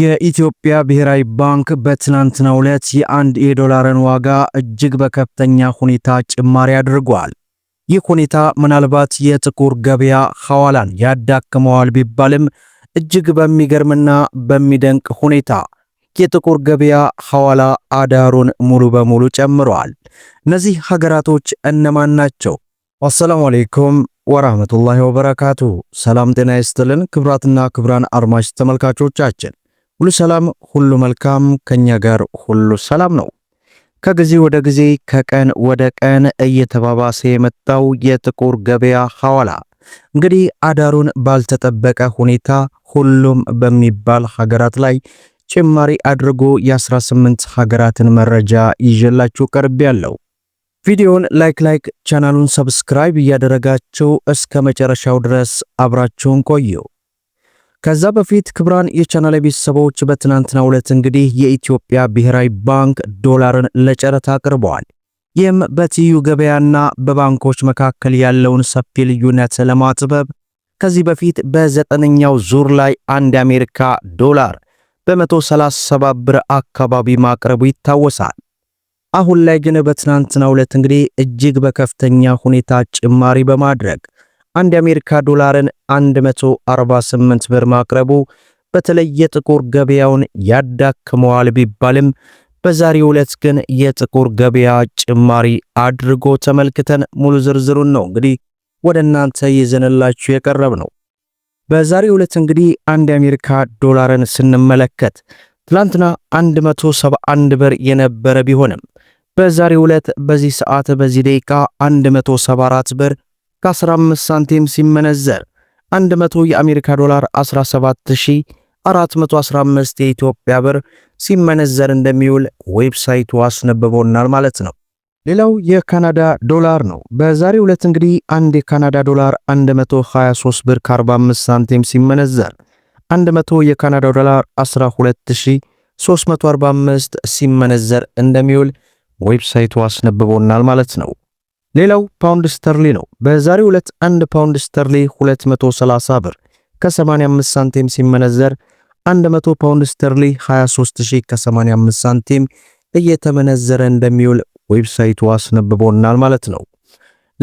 የኢትዮጵያ ብሔራዊ ባንክ በትናንትናው ዕለት የአንድ የዶላርን ዋጋ እጅግ በከፍተኛ ሁኔታ ጭማሪ አድርጓል። ይህ ሁኔታ ምናልባት የጥቁር ገበያ ሐዋላን ያዳክመዋል ቢባልም እጅግ በሚገርምና በሚደንቅ ሁኔታ የጥቁር ገበያ ሐዋላ አዳሩን ሙሉ በሙሉ ጨምሯል። እነዚህ ሀገራቶች እነማን ናቸው? አሰላሙ አሌይኩም ወራህመቱላሂ ወበረካቱ። ሰላም ጤና ይስጥልን ክብራትና ክብራን አድማጭ ተመልካቾቻችን ሁሉ ሰላም፣ ሁሉ መልካም፣ ከኛ ጋር ሁሉ ሰላም ነው። ከጊዜ ወደ ጊዜ ከቀን ወደ ቀን እየተባባሰ የመጣው የጥቁር ገበያ ሐዋላ እንግዲህ አዳሩን ባልተጠበቀ ሁኔታ ሁሉም በሚባል ሀገራት ላይ ጭማሪ አድርጎ የ18 ሀገራትን መረጃ ይዤላችሁ ቀርብ ያለው ቪዲዮውን ላይክ ላይክ ቻናሉን ሰብስክራይብ እያደረጋችሁ እስከ መጨረሻው ድረስ አብራችሁን ቆዩ። ከዛ በፊት ክብራን የቻናል ቤተሰቦች በትናንትና ዕለት እንግዲህ የኢትዮጵያ ብሔራዊ ባንክ ዶላርን ለጨረታ አቅርበዋል። ይህም በትይዩ ገበያና በባንኮች መካከል ያለውን ሰፊ ልዩነት ለማጥበብ ከዚህ በፊት በዘጠነኛው ዙር ላይ አንድ አሜሪካ ዶላር በ137 ብር አካባቢ ማቅረቡ ይታወሳል። አሁን ላይ ግን በትናንትና ዕለት እንግዲህ እጅግ በከፍተኛ ሁኔታ ጭማሪ በማድረግ አንድ የአሜሪካ ዶላርን 148 ብር ማቅረቡ በተለይ የጥቁር ገበያውን ያዳክመዋል ቢባልም በዛሬው ዕለት ግን የጥቁር ገበያ ጭማሪ አድርጎ ተመልክተን ሙሉ ዝርዝሩን ነው እንግዲህ ወደ እናንተ ይዘንላችሁ የቀረብ ነው። በዛሬው ዕለት እንግዲህ አንድ የአሜሪካ ዶላርን ስንመለከት ትላንትና 171 ብር የነበረ ቢሆንም በዛሬው ዕለት በዚህ ሰዓት በዚህ ደቂቃ 174 ብር ከ15 ሳንቲም ሲመነዘር 100 የአሜሪካ ዶላር 17415 የኢትዮጵያ ብር ሲመነዘር እንደሚውል ዌብሳይቱ አስነብቦናል ማለት ነው። ሌላው የካናዳ ዶላር ነው። በዛሬው ዕለት እንግዲህ አንድ የካናዳ ዶላር 123 ብር ከ45 ሳንቲም ሲመነዘር 100 የካናዳ ዶላር 12345 ሲመነዘር እንደሚውል ዌብሳይቱ አስነብቦናል ማለት ነው። ሌላው ፓውንድ ስተርሊ ነው። በዛሬው ዕለት 1 ፓውንድ ስተርሊ 230 ብር ከ85 ሳንቲም ሲመነዘር 100 ፓውንድ ስተርሊ 23000 ከ85 ሳንቲም እየተመነዘረ እንደሚውል ዌብሳይቱ አስነብቦናል ማለት ነው።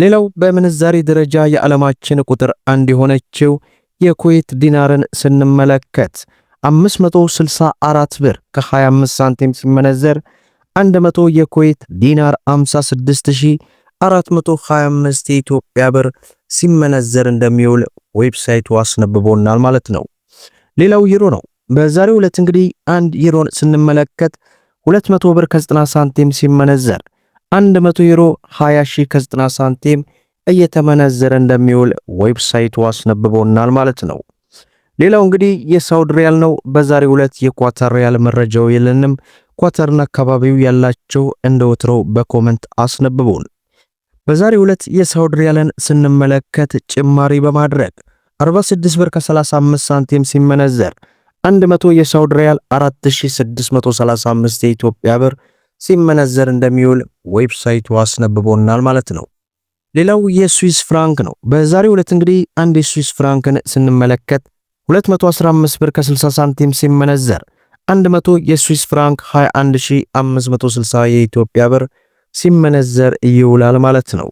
ሌላው በምንዛሪ ደረጃ የዓለማችን ቁጥር አንድ የሆነችው የኩዌት ዲናርን ስንመለከት 564 ብር ከ25 ሳንቲም ሲመነዘር 100 የኩዌት ዲናር 56000 425 የኢትዮጵያ ብር ሲመነዘር እንደሚውል ዌብሳይቱ አስነብቦናል ማለት ነው። ሌላው ዩሮ ነው። በዛሬው ዕለት እንግዲህ አንድ ዩሮን ስንመለከት 200 ብር ከ90 ሳንቲም ሲመነዘር 100 ዩሮ 20 ሺህ ከ90 ሳንቲም እየተመነዘረ እንደሚውል ዌብሳይቱ አስነብቦናል ማለት ነው። ሌላው እንግዲህ የሳውዲ ሪያል ነው። በዛሬው ዕለት የኳተር ሪያል መረጃው የለንም። ኳተርና አካባቢው ያላቸው እንደ ወትሮው በኮመንት አስነብቡን። በዛሬ ሁለት የሳውዲ ሪያልን ስንመለከት ጭማሪ በማድረግ 46 ብር ከ35 ሳንቲም ሲመነዘር 100 የሳውዲ ሪያል 4635 የኢትዮጵያ ብር ሲመነዘር እንደሚውል ዌብሳይቱ አስነብቦናል ማለት ነው። ሌላው የስዊስ ፍራንክ ነው። በዛሬ ሁለት እንግዲህ አንድ የስዊስ ፍራንክን ስንመለከት 215 ብር ከ60 ሳንቲም ሲመነዘር 100 የስዊስ ፍራንክ 21560 የኢትዮጵያ ብር ሲመነዘር ይውላል ማለት ነው።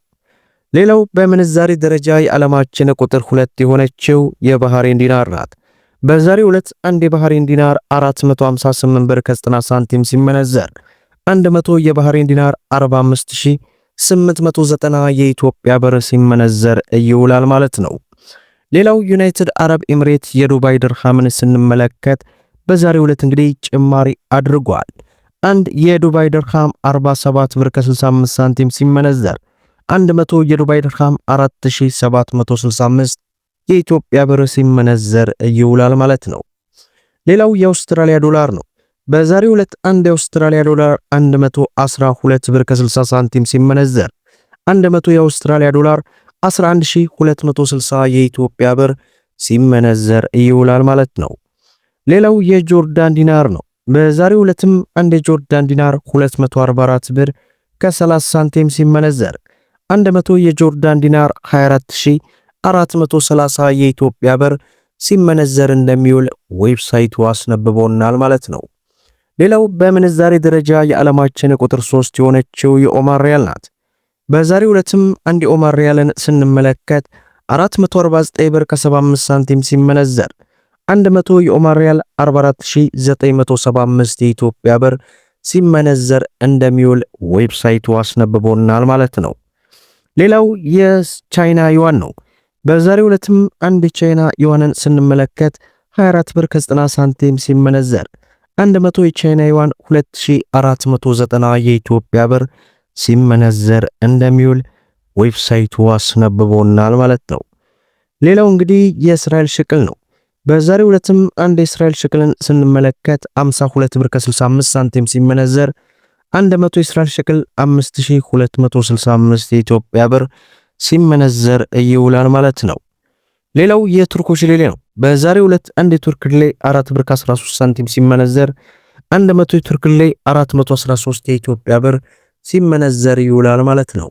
ሌላው በምንዛሪ ደረጃ የዓለማችን ቁጥር ሁለት የሆነችው የባህሬን ዲናር ናት። በዛሬው ዕለት አንድ የባህሬን ዲናር 458 ብር ከ90 ሳንቲም ሲመነዘር 100 የባህሬን ዲናር 45890 የኢትዮጵያ ብር ሲመነዘር ይውላል ማለት ነው። ሌላው ዩናይትድ አረብ ኤምሬት የዱባይ ድርሃምን ስንመለከት በዛሬው ዕለት እንግዲህ ጭማሪ አድርጓል። አንድ የዱባይ ድርሃም 47 ብር ከ65 ሳንቲም ሲመነዘር 100 የዱባይ ድርሃም 4765 የኢትዮጵያ ብር ሲመነዘር ይውላል ማለት ነው። ሌላው የአውስትራሊያ ዶላር ነው። በዛሬው ዕለት አንድ የአውስትራሊያ ዶላር 112 ብር ከ60 ሳንቲም ሲመነዘር 100 የአውስትራሊያ ዶላር 11260 የኢትዮጵያ ብር ሲመነዘር ይውላል ማለት ነው። ሌላው የጆርዳን ዲናር ነው። በዛሬ ዕለትም አንድ የጆርዳን ዲናር 244 ብር ከ30 ሳንቲም ሲመነዘር 100 የጆርዳን ዲናር 24430 የኢትዮጵያ ብር ሲመነዘር እንደሚውል ዌብሳይቱ አስነብቦናል ማለት ነው። ሌላው በምንዛሬ ደረጃ የዓለማችን ቁጥር 3 የሆነችው የኦማር ሪያል ናት። በዛሬ ዕለትም አንድ የኦማር ሪያልን ስንመለከት 449 ብር ከ75 ሳንቲም ሲመነዘር 100 የኦማር ሪያል 44975 የኢትዮጵያ ብር ሲመነዘር እንደሚውል ዌብሳይቱ አስነብቦናል ማለት ነው። ሌላው የቻይና ዩዋን ነው። በዛሬው ዕለትም አንድ ቻይና ዩዋንን ስንመለከት 24 ብር ከ90 ሳንቲም ሲመነዘር 100 የቻይና ዩዋን 2490 የኢትዮጵያ ብር ሲመነዘር እንደሚውል ዌብሳይቱ አስነብቦናል ማለት ነው። ሌላው እንግዲህ የእስራኤል ሽቅል ነው። በዛሬው ዕለትም አንድ የእስራኤል ሽቅልን ስንመለከት 52 ብር ከ65 ሳንቲም ሲመነዘር 100 የእስራኤል ሸክል 5265 የኢትዮጵያ ብር ሲመነዘር ይውላል ማለት ነው። ሌላው የቱርኮች ሌሌ ነው። በዛሬው ዕለት አንድ የቱርክ ሌሌ 4 ብር ከ13 ሳንቲም ሲመነዘር 100 የቱርክ ሌሌ 413 የኢትዮጵያ ብር ሲመነዘር ይውላል ማለት ነው።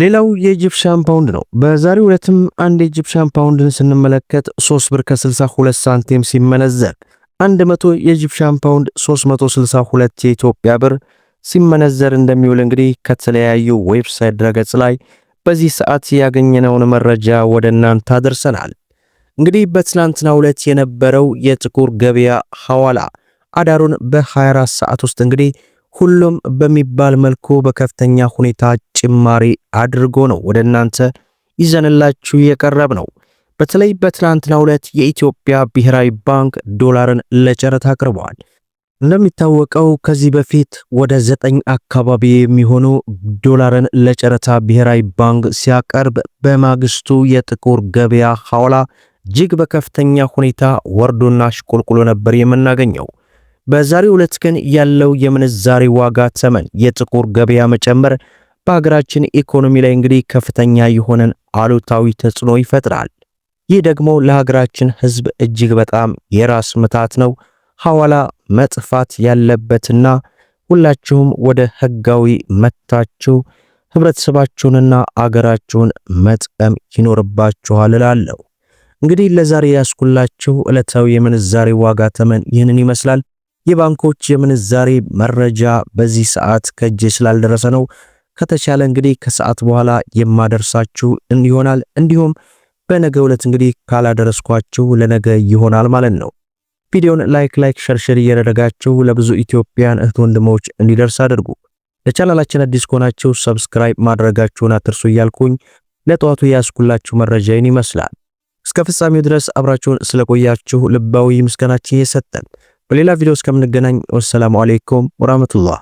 ሌላው የኢጂፕሽያን ፓውንድ ነው። በዛሬው ዕለትም አንድ የኢጂፕሽያን ፓውንድን ስንመለከት 3 ብር ከ62 ሳንቲም ሲመነዘር 100 የኢጂፕሽያን ፓውንድ 362 የኢትዮጵያ ብር ሲመነዘር እንደሚውል እንግዲህ ከተለያዩ ዌብሳይት ድረገጽ ላይ በዚህ ሰዓት ያገኘነውን መረጃ ወደ እናንተ አድርሰናል። እንግዲህ በትናንትናው ዕለት የነበረው የጥቁር ገበያ ሐዋላ አዳሩን በ24 ሰዓት ውስጥ እንግዲህ ሁሉም በሚባል መልኩ በከፍተኛ ሁኔታ ጭማሪ አድርጎ ነው ወደ እናንተ ይዘንላችሁ የቀረብ ነው። በተለይ በትናንትናው ዕለት የኢትዮጵያ ብሔራዊ ባንክ ዶላርን ለጨረታ አቅርበዋል። እንደሚታወቀው ከዚህ በፊት ወደ ዘጠኝ አካባቢ የሚሆኑ ዶላርን ለጨረታ ብሔራዊ ባንክ ሲያቀርብ በማግስቱ የጥቁር ገበያ ሐዋላ እጅግ በከፍተኛ ሁኔታ ወርዶና አሽቆልቁሎ ነበር የምናገኘው። በዛሬው ዕለት ግን ያለው የምንዛሬ ዋጋ ተመን የጥቁር ገበያ መጨመር በሀገራችን ኢኮኖሚ ላይ እንግዲህ ከፍተኛ የሆነን አሉታዊ ተጽዕኖ ይፈጥራል። ይህ ደግሞ ለሀገራችን ህዝብ እጅግ በጣም የራስ ምታት ነው። ሐዋላ መጥፋት ያለበትና ሁላችሁም ወደ ህጋዊ መታችሁ ህብረተሰባችሁንና አገራችሁን መጥቀም ይኖርባችኋል እላለሁ። እንግዲህ ለዛሬ ያስኩላችሁ ዕለታዊ የምንዛሬ ዋጋ ተመን ይህንን ይመስላል። የባንኮች የምንዛሬ መረጃ በዚህ ሰዓት ከእጄ ስላልደረሰ ነው ከተቻለ እንግዲህ ከሰዓት በኋላ የማደርሳችሁ ይሆናል። እንዲሁም በነገ ዕለት እንግዲህ ካላደረስኳችሁ ለነገ ይሆናል ማለት ነው። ቪዲዮን ላይክ ላይክ ሸርሸር እያደረጋችሁ ለብዙ ኢትዮጵያን እህት ወንድሞች እንዲደርስ አድርጉ። ለቻናላችን አዲስ ከሆናችሁ ሰብስክራይብ ማድረጋችሁን አትርሱ እያልኩኝ ለጠዋቱ ያስኩላችሁ መረጃይን ይመስላል። እስከ ፍጻሜው ድረስ አብራችሁን ስለቆያችሁ ልባዊ ምስጋናችን እየሰጠን በሌላ ቪዲዮ እስከምንገናኝ ወሰላሙ አሌይኩም ወራህመቱላህ